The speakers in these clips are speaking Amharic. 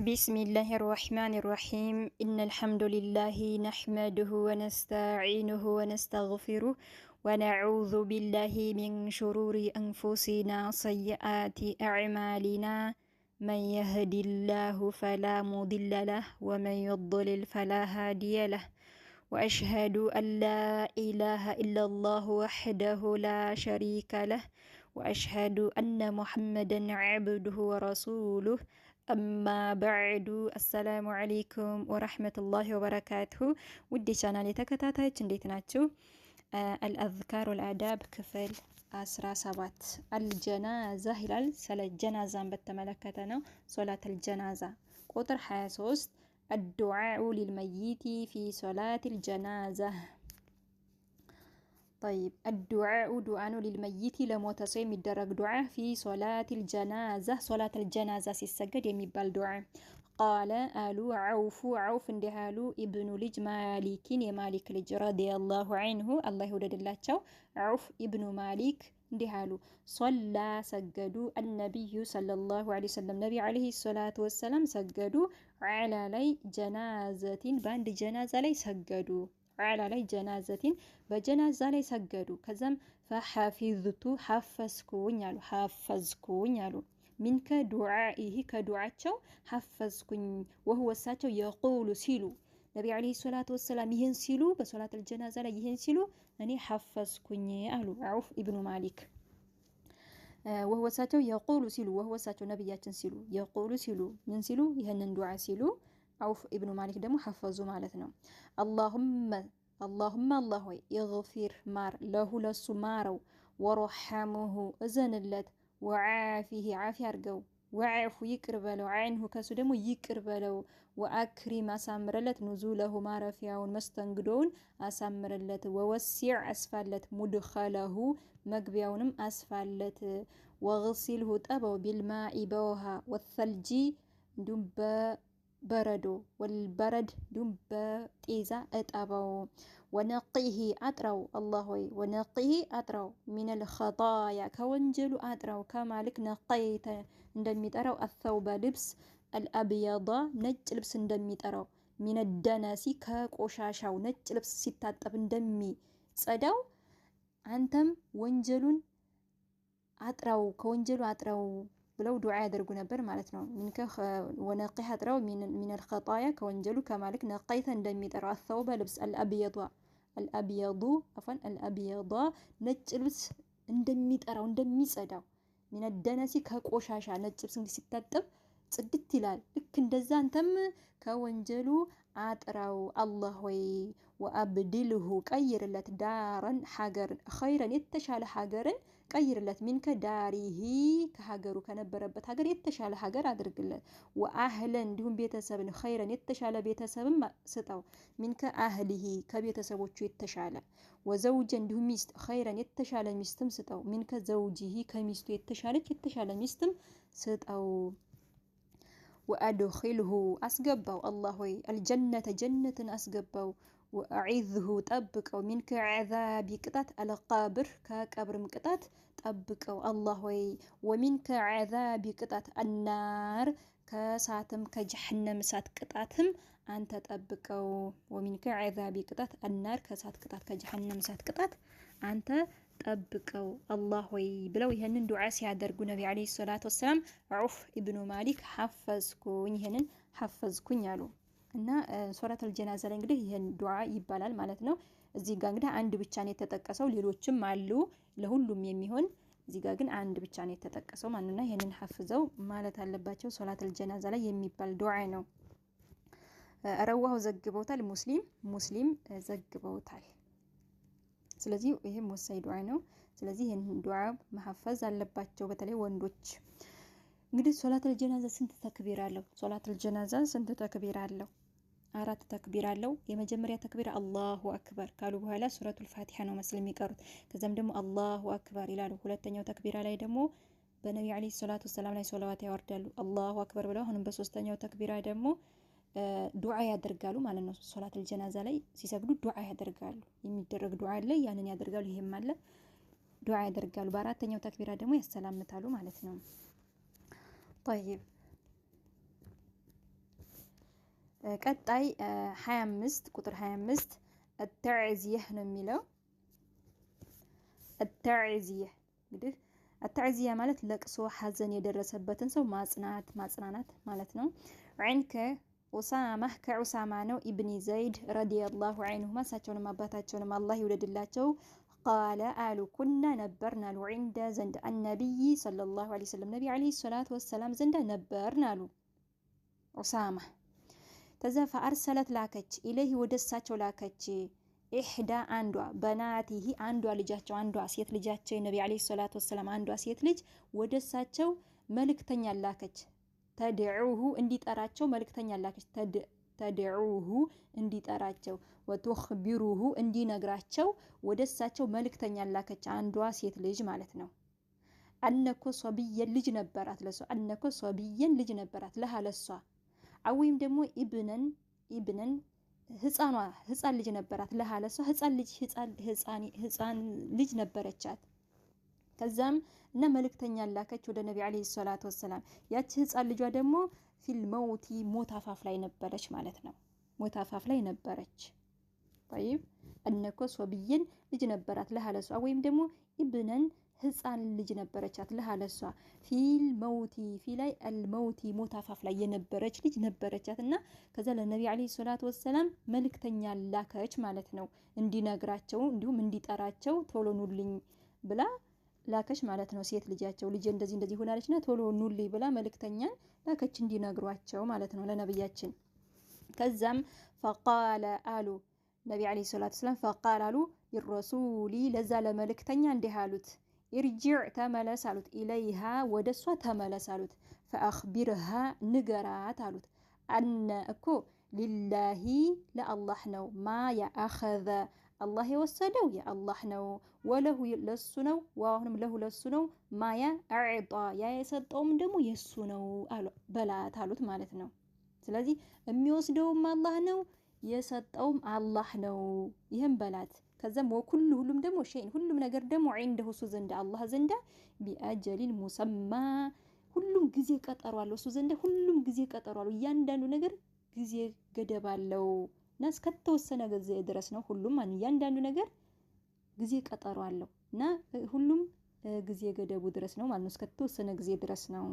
بسم الله الرحمن الرحيم إن الحمد لله نحمده ونستعينه ونستغفره ونعوذ بالله من شرور أنفسنا سيئات أعمالنا من يهد الله فلا مضل له ومن يضلل فلا هادي له وأشهد أن لا إله إلا الله وحده لا شريك له وأشهد أن محمدا عبده ورسوله አማ በዕዱ አሰላሙ አለይኩም ወራህመቱላሂ ወበረካቱሁ። ውድ ቻናል ተከታታዮች እንዴት ናችሁ? አልአዝካር ወልአዳብ ክፍል አስራ ሰባት አልጀናዛ ይላል። ስለ ጀናዛን በተመለከተ ነው። ሶላት አልጀናዛ ቁጥር 23 አዱዓኡ ሊልመይቲ ፊ ሶላት አልጀናዛ ጠይብ አዱዓኡ ዱዓኑ ሊልመይቲ ለሞተ ሰው የሚደረግ ዱዓ ፊ ሶላቲል ጀናዛ ሶላትል ጀናዛ ሲሰገድ የሚባል ዱዓ። ቃለ አሉ ዐውፉ ዐውፍ እንዲህ አሉ ኢብኑ ልጅ ማሊኪን የማሊክ ልጅ ረዲየላሁ ዐንሁ አላህ ይወደድላቸው ዐውፍ ኢብኑ ማሊክ እንዲህ አሉ። ሶላ ሰገዱ አነቢዩ ሰለላሁ ዐለይሂ ወሰለም ነቢ ዐለይሂ ሰላቱ ወሰላም ሰገዱ ዐላ ላይ ጀናዘቲን በአንድ ጀናዛ ላይ ሰገዱ ፈዓላ ላይ ጀናዘቲን በጀናዛ ላይ ሰገዱ። ከዛም ፈሐፊዝቱ ሐፈዝኩኝ አሉ ሐፈዝኩኝ አሉ ሚንከ ዱዓኢህ ከዱዓቸው ሐፈዝኩኝ ወህወ እሳቸው የቁሉ ሲሉ ነቢዩ ዓለይሂ ሰላቱ ወሰላም ይህን ሲሉ በሶላት አልጀናዛ ላይ ይህን ሲሉ እኔ ሐፈዝኩኝ አሉ ዐውፍ ኢብኑ ማሊክ ወህወሳቸው የቁሉ ሲሉ ወህወሳቸው ነቢያችን ሲሉ የቁሉ ሲሉ ምን ሲሉ ይህንን ዱዓ ሲሉ አውፍ ኢብኑ ማሊክ ደግሞ ሐፈዙ ማለት ነው። አላሁመ አላሁመ አላህ ወይ ይግፊር ማር ለሁ ለሱ ማረው፣ ወረሐምሁ እዘንለት፣ ወዓፊህ ዓፊ አርገው፣ ወዕፉ ይቅር በለው፣ ዓይንሁ ከሱ ደግሞ ይቅር በለው፣ ወአክሪም አሳምረለት፣ ኑዙለሁ ማረፊያውን መስተንግዶውን አሳምረለት፣ ወወሲዕ አስፋለት፣ ሙድኸለሁ መግቢያውንም አስፋለት፣ ወግሲልሁ ጠበው፣ ቢልማኢ በውሃ ወተልጂ እንዲሁም በረዶ ወልበረድ እንዲሁም በጤዛ እጠበው ወነቂሂ አጥረው አላህ ወይ ወነቂሂ አጥረው ሚነል ኸጣያ ከወንጀሉ አጥረው ከማልክ ነቀይተ እንደሚጠራው አተውበ ልብስ አልአብያዳ ነጭ ልብስ እንደሚጠራው ሚነደነሲ ከቆሻሻው ነጭ ልብስ ሲታጠብ እንደሚጸዳው አንተም ወንጀሉን አጥረው ከወንጀሉ አጥረው ብለው ዱዓ ያደርጉ ነበር ማለት ነው። ሚንከ ወነቂህ ጥረው ሚነል ኸጣያ ከወንጀሉ ከማልክ ነቀይተ እንደሚጠራ አሰውበ ልብስ አልአብየዷ አልአብየዱ አፈን አልአብየዷ ነጭ ልብስ እንደሚጠራው እንደሚጸዳው ሚነደነሲ ከቆሻሻ ነጭ ልብስ እንግዲህ ሲታጠብ ጽድት ይላል። ልክ እንደዛ አንተም ከወንጀሉ አጥራው። አላህ ወይ ወአብድልሁ ቀይርለት ዳረን ሀገርን ኸይረን የተሻለ ሀገርን ቀይርለት ሚንከ ዳሪሂ ከሀገሩ ከነበረበት ሀገር የተሻለ ሀገር አድርግለት። ወአህለን እንዲሁም ቤተሰብን ኸይረን የተሻለ ቤተሰብም ስጠው። ሚንከ አህሊሂ ከቤተሰቦቹ የተሻለ ወዘውጀ እንዲሁም ሚስት ኸይረን የተሻለ ሚስትም ስጠው። ሚንከ ዘውጂሂ ከሚስቱ የተሻለች የተሻለ ሚስትም ስጠው። ወአድኺልሁ አስገባው አላህ ሆይ አልጀነተ ጀነትን አስገባው አዒዝሁ ጠብቀው ሚንከ ዓዛቢ ቅጣት አልቃብር ከቀብርም ቅጣት ጠብቀው አላህ ወይ ወሚንከ ዓዛቢ ቅጣት አናር ከእሳትም ከጀሐነም እሳት ቅጣትም አንተ ጠብቀው። ወሚንከ ዓዛቢ ቅጣት አናር ከእሳት ቅጣት ከጀሐነም እሳት ቅጣት አንተ ጠብቀው አላህ ወይ ብለው ይህንን ዱዓ ሲያደርጉ ነቢ ዓለይሂ ሰላቱ ወሰላም ዑፍ ኢብኑ ማሊክ ሐፈዝኩኝ፣ ይህንን ሐፈዝኩኝ አሉ። እና ሶላተል ጀናዛ ላይ እንግዲህ ይህን ዱዓ ይባላል ማለት ነው። እዚህ ጋር እንግዲህ አንድ ብቻ ነው የተጠቀሰው፣ ሌሎችም አሉ ለሁሉም የሚሆን እዚህ ጋር ግን አንድ ብቻ ነው የተጠቀሰው ማንና ይህንን ሐፍዘው ማለት አለባቸው። ሶላተል ጀናዛ ላይ የሚባል ዱዓ ነው። ረዋሁ ዘግበውታል፣ ሙስሊም ሙስሊም ዘግበውታል። ስለዚህ ይህም ወሳኝ ዱዓ ነው። ስለዚህ ይህን ዱዓ መሀፈዝ አለባቸው በተለይ ወንዶች። እንግዲህ ሶላተል ጀናዛ ስንት ተክቢር አለው? ሶላተል ጀናዛ ስንት ተክቢር አለው? አራት ተክቢር አለው። የመጀመሪያ ተክቢር አላሁ አክበር ካሉ በኋላ ሱረቱል ፋቲሓ ነው መስል የሚቀሩት። ከዚያም ደግሞ አላሁ አክበር ይላሉ። ሁለተኛው ተክቢራ ላይ ደግሞ በነቢ ዓለይሂ ሰላቱ ወሰላም ላይ ሶላዋት ያወርዳሉ። አላሁ አክበር ብለው አሁንም በሶስተኛው ተክቢራ ደግሞ ዱዓ ያደርጋሉ ማለት ነው። ሶላቱል ጀናዛ ላይ ሲሰግዱ ዱዓ ያደርጋሉ። የሚደረግ ዱዓ አለ፣ ያንን ያደርጋሉ። ይሄም አለ፣ ዱዓ ያደርጋሉ። በአራተኛው ተክቢራ ደግሞ ያሰላምታሉ ማለት ነው። ጠይብ ቀጣይ 25 ቁጥር 25 አተዕዝየህ ነው የሚለው። አተዕዝየህ እንግዲህ አተዕዝያ ማለት ለቅሶ፣ ሀዘን የደረሰበትን ሰው ማጽናት ማጽናናት ማለት ነው። ዐንከ ኡሳማ ከዑሳማ ነው ኢብኒ ዘይድ ረዲየላሁ ዐንሁማ እሳቸውንም አባታቸውንም አላህ ይውደድላቸው ቃለ አሉ ኩና ነበርን አሉ ዒንደ ዘንድ አነቢይ ሰለላሁ ዐለይሂ ወሰለም ነቢ ዐለይሂ ሰላቱ ወሰላም ዘንድ ነበርን አሉ ዑሳማ ተዛ አርሰለት ላከች ኢለይህ ወደ እሳቸው ላከች ኢሕዳ አንዷ በናቲሂ አንዷ ልጃቸው አንዷ ሴት ልጃቸው የነቢ ዓለይሂ ሰላቱ ወሰላም አንዷ ሴት ልጅ ወደ እሳቸው መልእክተኛ ላከች። ተድዑሁ እንዲጠራቸው መልእክተኛ ላከች። ተድዑሁ እንዲጠራቸው ወቱኽቢሩሁ እንዲነግራቸው ወደ እሳቸው መልእክተኛ ላከች። አንዷ ሴት ልጅ ማለት ነው። አነኮ ሶብየን ልጅ ነበራት ለሷ አነኮ ሶብየን ልጅ ነበራት ለሃለሷ ወይም ደግሞ ኢብነን ኢብነን ህፃኗ ህፃን ልጅ ነበራት። ለሃለሷ ህፃን ልጅ ህፃን ልጅ ነበረቻት። ከዛም እና መልእክተኛ ላከች ወደ ነቢ ዓለይሂ ሰላቱ ወሰላም። ያቺ ህፃን ልጇ ደግሞ ፊል መውቲ ሞት አፋፍ ላይ ነበረች ማለት ነው። ሞት አፋፍ ላይ ነበረች። ጠይብ እነኮስ ወብየን ልጅ ነበራት ለሃለሷ ወይም ደግሞ ኢብነን ህፃን ልጅ ነበረቻት። ለሀለሷ ፊል መውቲ ፊ ላይ አልመውቲ ሞት አፋፍ ላይ የነበረች ልጅ ነበረቻት እና ከዛ ለነቢ ዓለይሂ ሰላት ወሰላም መልክተኛ ላከች ማለት ነው። እንዲነግራቸው እንዲሁም እንዲጠራቸው ቶሎ ኑልኝ ብላ ላከች ማለት ነው። ሴት ልጃቸው ልጅ እንደዚህ እንደዚህ ና ቶሎ ኑልኝ ብላ መልክተኛ ላከች እንዲነግሯቸው ማለት ነው ለነብያችን። ከዛም ፈቃለ አሉ ነቢ ዓለይሂ ሰላት ወሰላም ፈቃል አሉ ይረሱሊ ለዛ ለመልክተኛ እንዲህ አሉት ኢርጅዕ ተመለስ አሉት። ኢለይሃ ወደ እሷ ተመለስ አሉት። ፈአኽቢርሃ ንገራት አሉት። አነ እኮ ሊላሂ ለአላህ ነው። ማ የአኸዘ አላህ የወሰደው የአላህ ነው። ወለሁ ለሱ ነው። ዋሁንም ለሁ ለሱ ነው። ማያ አዕጣ ያ የሰጠውም ደግሞ የሱ ነው በላት አሉት ማለት ነው። ስለዚህ የሚወስደውም አላህ ነው፣ የሰጠውም አላህ ነው። ይህም በላት ከዛም ወኩሉ ሁሉም ደግሞ ሸይን ሁሉም ነገር ደግሞ ዒንደሁ እሱ ዘንዳ አላህ ዘንዳ ቢአጀሊል ሙሰማ ሁሉም ጊዜ ቀጠሮ አለው። እሱ ዘንዳ ሁሉም ጊዜ ቀጠሮ አለው። እያንዳንዱ ነገር ጊዜ ገደብ አለው እና እስከተወሰነ ጊዜ ድረስ ነው። ሁሉም እያንዳንዱ ነገር ጊዜ ቀጠሮ አለው እና ሁሉም ጊዜ ገደቡ ድረስ ነው ማለት ነው። እስከተወሰነ ጊዜ ድረስ ነው።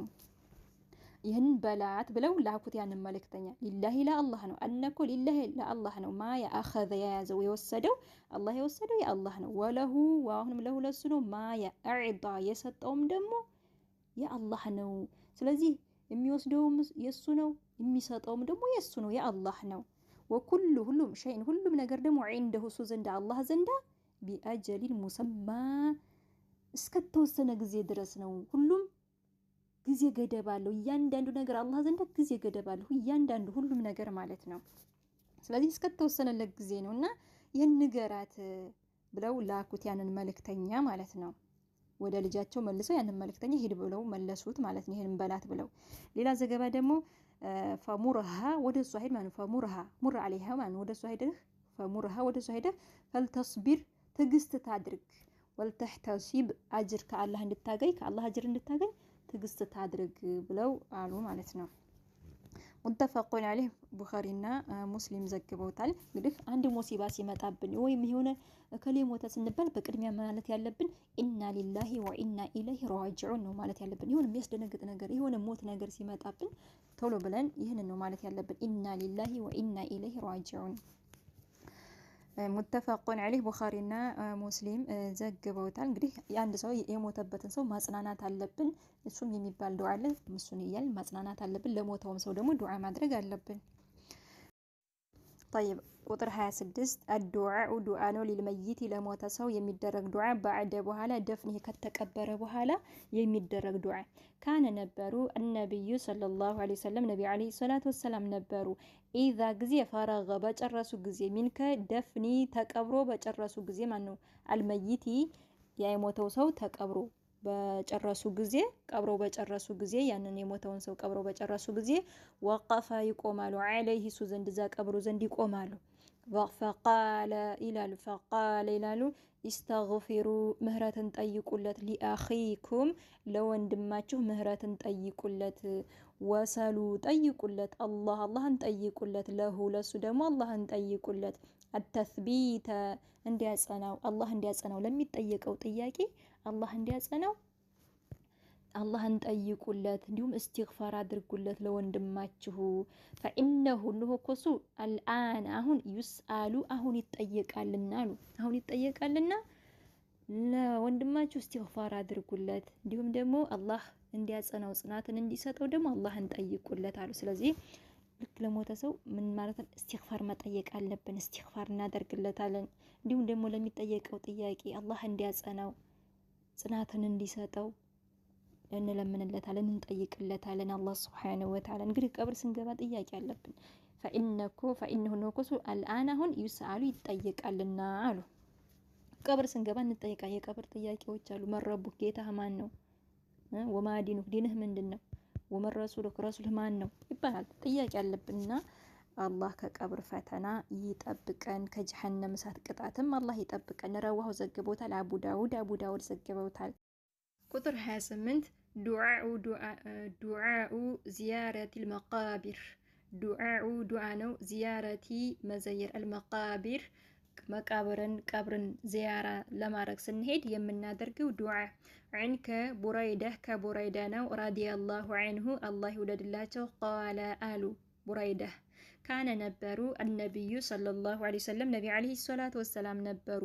ይህን በላት ብለው ላኩት። ያንን መልእክተኛ ሊላሂ ለአላህ ነው አነኮ ሊላሂ ለአላህ ነው ማ የአኸዘ የያዘው የወሰደው አላህ የወሰደው የአላህ ነው። ወለሁ አሁንም ለሁ ለሱ ነው ማ የአዕጣ የሰጠውም ደግሞ የአላህ ነው። ስለዚህ የሚወስደውም የእሱ ነው፣ የሚሰጠውም ደግሞ የእሱ ነው፣ የአላህ ነው። ወኩሉ ሁሉም ሸይን ሁሉም ነገር ደግሞ ዒንደሁ እሱ ዘንዳ አላህ ዘንዳ ቢአጀሊን ሙሰማ እስከተወሰነ ጊዜ ድረስ ነው ሁሉም ጊዜ ገደብ አለው። እያንዳንዱ ነገር አላህ ዘንድ ጊዜ ገደብ አለው። እያንዳንዱ ሁሉም ነገር ማለት ነው። ስለዚህ እስከተወሰነለት ጊዜ ነው እና ይህን ንገራት ብለው ላኩት ያንን መልእክተኛ ማለት ነው። ወደ ልጃቸው መልሰው ያንን መልእክተኛ ሄድ ብለው መለሱት ማለት ነው። ይህን በላት ብለው። ሌላ ዘገባ ደግሞ ፈሙርሃ ወደ እሷ ሄድ ማለት ፈሙርሃ ሙር አለይሃ ማለት ወደ እሷ ሄደህ ፈሙርሃ ወደ እሷ ሄደህ ፈልተስቢር ትግስት ታድርግ ወልተሕተሲብ አጅር ከአላህ እንድታገኝ ከአላህ አጅር እንድታገኝ ትግስት ታድርግ ብለው አሉ ማለት ነው። ሙተፈቁን አለህ ቡኻሪና ሙስሊም ዘግበውታል። እንግዲህ አንድ ሙሲባ ሲመጣብን ወይም የሆነ እከሌ ሞተ ስንባል በቅድሚያ ማለት ያለብን ኢና ሊላሂ ወኢና ኢለይሂ ራጂዑን ነው ማለት ያለብን። የሆነ የሚያስደነግጥ ነገር የሆነ ሞት ነገር ሲመጣብን ቶሎ ብለን ይህንን ነው ማለት ያለብን። ኢና ሊላሂ ወኢና ኢለይሂ ራጂዑን ሙተፈቁን ዐለይህ ቡኻሪና ሙስሊም ዘግበውታል። እንግዲህ የአንድ ሰው የሞተበትን ሰው ማጽናናት አለብን። እሱም የሚባል ዱዓ አለ። እሱን እያልን ማጽናናት አለብን። ለሞተውም ሰው ደግሞ ዱዓ ማድረግ አለብን። ጠይብ ቁጥር 26 አዱዓኡ ዱዓ ነው ሊልመይት ለሞተ ሰው የሚደረግ ዱዓ ባዕደ በኋላ ደፍኒህ ከተቀበረ በኋላ የሚደረግ ዱዓ ካነ ነበሩ ነቢዩ ሰለላሁ ዐለይሂ ወሰለም ነቢ ዐለይሂ ሰላቱ ወሰላም ነበሩ ኢዛ ጊዜ ፈረገ በጨረሱ ጊዜ ሚንከ ደፍኒ ተቀብሮ በጨረሱ ጊዜ ማን ነው አልመይቲ የሞተው ሰው ተቀብሮ በጨረሱ ጊዜ ቀብረው በጨረሱ ጊዜ ያንን የሞተውን ሰው ቀብረው በጨረሱ ጊዜ ወቀፈ ይቆማሉ። አለይህ እሱ ዘንድ እዛ ቀብሩ ዘንድ ይቆማሉ። ፈቃለ ይላሉ ፈቃለ ይላሉ ኢስተግፊሩ ምህረትን ጠይቁለት፣ ሊአኺኩም ለወንድማችሁ ምህረትን ጠይቁለት፣ ወሰሉ ጠይቁለት፣ አላህ አላህን ጠይቁለት፣ ለሁ ለሱ ደግሞ አላህን ጠይቁለት፣ አተስቢተ እንዲያጸናው አላህ እንዲያጸናው ለሚጠየቀው ጥያቄ አላህ እንዲያጸናው አላህን ጠይቁለት፣ እንዲሁም እስትግፋር አድርጉለት ለወንድማችሁ። ፈኢነሁ እንሆ እኮ አልአን አሁን ዩስአሉ አሁን ይጠየቃልና አሉ አሁን ይጠየቃልና ለወንድማችሁ እስትግፋር አድርጉለት፣ እንዲሁም ደግሞ አላህ እንዲያጸናው ጽናትን እንዲሰጠው ደግሞ አላህን ጠይቁለት አሉ። ስለዚህ ልክ ለሞተ ሰው ምን ማለት ነው? እስትግፋር መጠየቅ አለብን። እስትግፋር እናደርግለታለን። እንዲሁም ደግሞ ለሚጠየቀው ጥያቄ አላህ እንዲያጸናው ጽናትን እንዲሰጠው እንለምንለታለን፣ እንጠይቅለታለን። አላህ ስብሓነሁ ወተዓላ እንግዲህ ቀብር ስንገባ ጥያቄ አለብን። ፈኢነኮ ፈኢነሁ ነኮሱ አልአን አሁን ዩስአሉ ይጠየቃልና አሉ። ቀብር ስንገባ እንጠይቃ የቀብር ጥያቄዎች አሉ። መረቡ ጌታህ ማን ነው? ወማዲኑ ዲንህ ምንድን ነው? ወመረሱልህ ረሱልህ ማን ነው ይባላል። ጥያቄ አለብንና አላህ ከቀብር ፈተና ይጠብቀን፣ ከጀሀነም እሳት ቅጣትም አላህ ይጠብቀን። ረዋሁ ዘግቦታል አቡ ዳውድ አቡ ዳውድ ዘግበውታል። ቁጥር 28 ዱዓኡ ዱዓኡ ዚያረቲል መቃቢር ዱዓኡ ዱዓ ነው። ዚያረቲ መዘየር አልመቃቢር መቃብርን ቀብርን ዚያራ ለማድረግ ስንሄድ የምናደርገው ዱዓ። ዕንከ ቡረይደህ ከቡረይዳ ነው። ረዲየላሁ አንሁ አላህ ይውደድላቸው። ቃለ አሉ ቡረይደህ ካነ ነበሩ አነቢዩ ሰለላሁ ዐለይሂ ወሰለም ነቢ ዐለይሂ ሰላት ወሰላም ነበሩ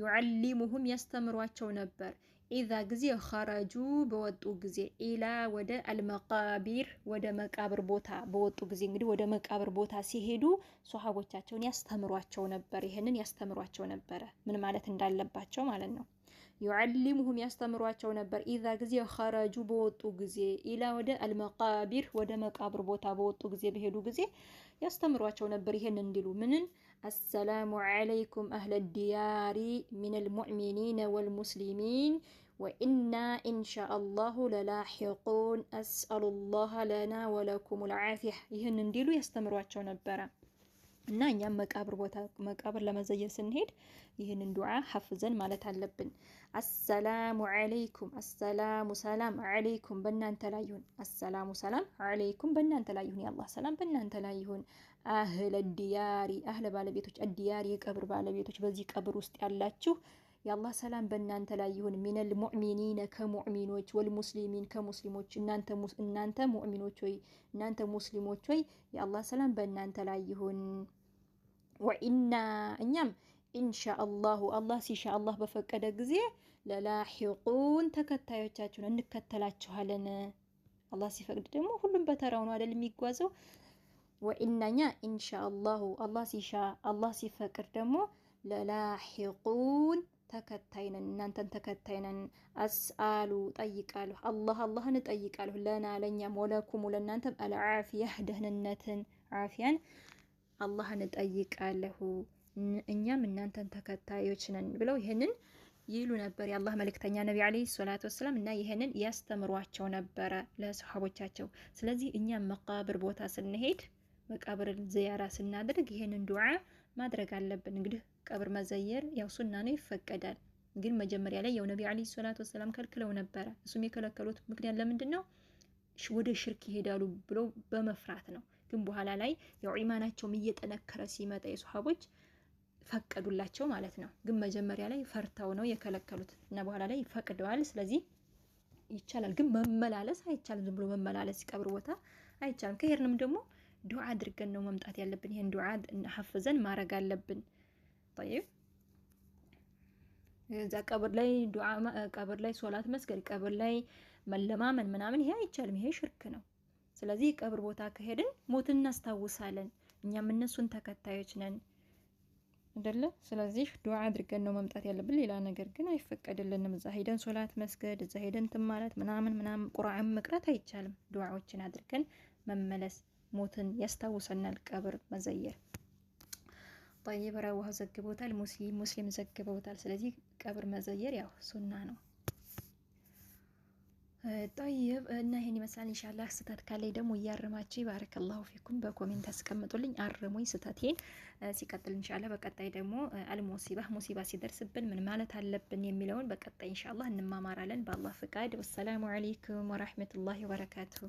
ዩዓሊሙሁም ያስተምሯቸው ነበር። ኢዛ ጊዜ ኸረጁ በወጡ ጊዜ ኢላ ወደ አልመቃቢር ወደ መቃብር ቦታ በወጡ ጊዜ እንግዲህ ወደ መቃብር ቦታ ሲሄዱ ሶሃቦቻቸውን ያስተምሯቸው ነበር። ይህንን ያስተምሯቸው ነበረ ምን ማለት እንዳለባቸው ማለት ነው። ዩዓሊሙሁም ያስተምሯቸው ነበር። ኢዛ ጊዜ ኸረጁ በወጡ ጊዜ ኢላ ወደ አልመቃቢር ወደ መቃብር ቦታ በወጡ ጊዜ በሄዱ ጊዜ ያስተምሯቸው ነበር። ይሄን እንዲሉ ምንን አሰላሙ ዓለይኩም አህለ ዲያሪ ሚን ልሙዕሚኒን ወልሙስሊሚን ወኢና ኢንሻ አላሁ ለላሒቁን አስአሉ ላህ ለና ወለኩም ልዓፊያ ይህን እንዲሉ ያስተምሯቸው ነበረ። እና እኛም መቃብር ቦታ መቃብር ለመዘየር ስንሄድ ይህንን ዱዓ ሐፍዘን ማለት አለብን። አሰላሙ አለይኩም፣ አሰላሙ ሰላም አለይኩም በእናንተ ላይ ይሁን። አሰላሙ ሰላም አለይኩም በእናንተ ላይ ይሁን። የአላህ ሰላም በእናንተ ላይ ይሁን። አህለ ዲያሪ፣ አህለ ባለቤቶች፣ አዲያሪ የቀብር ባለቤቶች፣ በዚህ ቀብር ውስጥ ያላችሁ የአላህ ሰላም በእናንተ ላይ ይሁን። ሚነል ሙእሚኒነ ከሙእሚኖች፣ ወልሙስሊሚን ከሙስሊሞች፣ እናንተ ሙእሚኖች ወይ እናንተ ሙስሊሞች ወይ የአላህ ሰላም በእናንተ ላይ ይሁን። ወኢና እኛም ኢንሻአላሁ አላህ ሲሻ አላህ በፈቀደ ጊዜ ለላሒቁን ተከታዮቻችሁን እንከተላችኋለን። አላህ ሲፈቅድ ደግሞ ሁሉም በተራው ነው አይደል የሚጓዘው። ወኢናኛ ኢንሻአላሁ አላህ ሲሻ አላህ ሲፈቅድ ደግሞ ለላሒቁን ተከታይነን እናንተን ተከታይነን። አስአሉ ጠይቃሉ አላህ አላህን እጠይቃለሁ። ለና ለእኛም ወለኩም ለእናንተም አልዓፊያ ደህንነትን ዓፊያን አላህን እጠይቃለሁ እኛም እናንተን ተከታዮች ነን ብለው ይህንን ይሉ ነበር የአላህ መልእክተኛ ነቢ ዓለይሂ ሰላቱ ወሰላም እና ይህንን ያስተምሯቸው ነበረ ለሰሓቦቻቸው። ስለዚህ እኛም መቃብር ቦታ ስንሄድ መቃብር ዝያራ ስናደርግ ይህንን ዱዓ ማድረግ አለብን። እንግዲህ ቀብር መዘየር ያው ሱና ነው፣ ይፈቀዳል። ግን መጀመሪያ ላይ ያው ነቢ ዓለይሂ ሰላቱ ወሰላም ከልክለው ነበረ። እሱም የከለከሉት ምክንያት ለምንድን ነው? ወደ ሽርክ ይሄዳሉ ብለው በመፍራት ነው። ግን በኋላ ላይ ያው ኢማናቸውም እየጠነከረ ሲመጣ የሶሃቦች ፈቀዱላቸው ማለት ነው። ግን መጀመሪያ ላይ ፈርተው ነው የከለከሉት እና በኋላ ላይ ፈቅደዋል። ስለዚህ ይቻላል፣ ግን መመላለስ አይቻልም። ዝም ብሎ መመላለስ ቀብር ቦታ አይቻልም። ከሄድንም ደግሞ ዱዓ አድርገን ነው መምጣት ያለብን። ይሄን ዱዓ ሀፍዘን ማድረግ አለብን። ጠይብ እዛ ቀብር ላይ ዱዓ፣ ቀብር ላይ ሶላት መስገድ፣ ቀብር ላይ መለማመን ምናምን ይሄ አይቻልም። ይሄ ሽርክ ነው። ስለዚህ ቀብር ቦታ ከሄድን ሞት እናስታውሳለን። እኛም እነሱን ተከታዮች ነን አይደለ? ስለዚህ ዱዓ አድርገን ነው መምጣት ያለብን። ሌላ ነገር ግን አይፈቀድልንም። እዛ ሄደን ሶላት መስገድ፣ እዛ ሄደን ትማለት ምናምን ምናምን ቁርአን መቅራት አይቻልም። ዱዓዎችን አድርገን መመለስ ሞትን ያስታውሰናል ቀብር መዘየር። ጠይብ ረዋሁ ዘግቦታል፣ ሙስሊም ሙስሊም ዘግበውታል። ስለዚህ ቀብር መዘየር ያው ሱና ነው። ጠይብ እና ይሄን ይመስላል። ኢንሻላህ ስህተት ካለኝ ደግሞ እያረማችሁ ባረከላሁ ፊኩም በኮሜንት አስቀምጡልኝ፣ አርሙኝ ስህተቴን። ሲቀጥል ኢንሻላህ በቀጣይ ደግሞ አልሙሲባ ሙሲባ ሲደርስብን ምን ማለት አለብን የሚለውን በቀጣይ ኢንሻላህ እንማማራለን በአላህ ፍቃድ። ወሰላሙ አለይኩም ወራህመቱላሂ ወበረካቱሁ።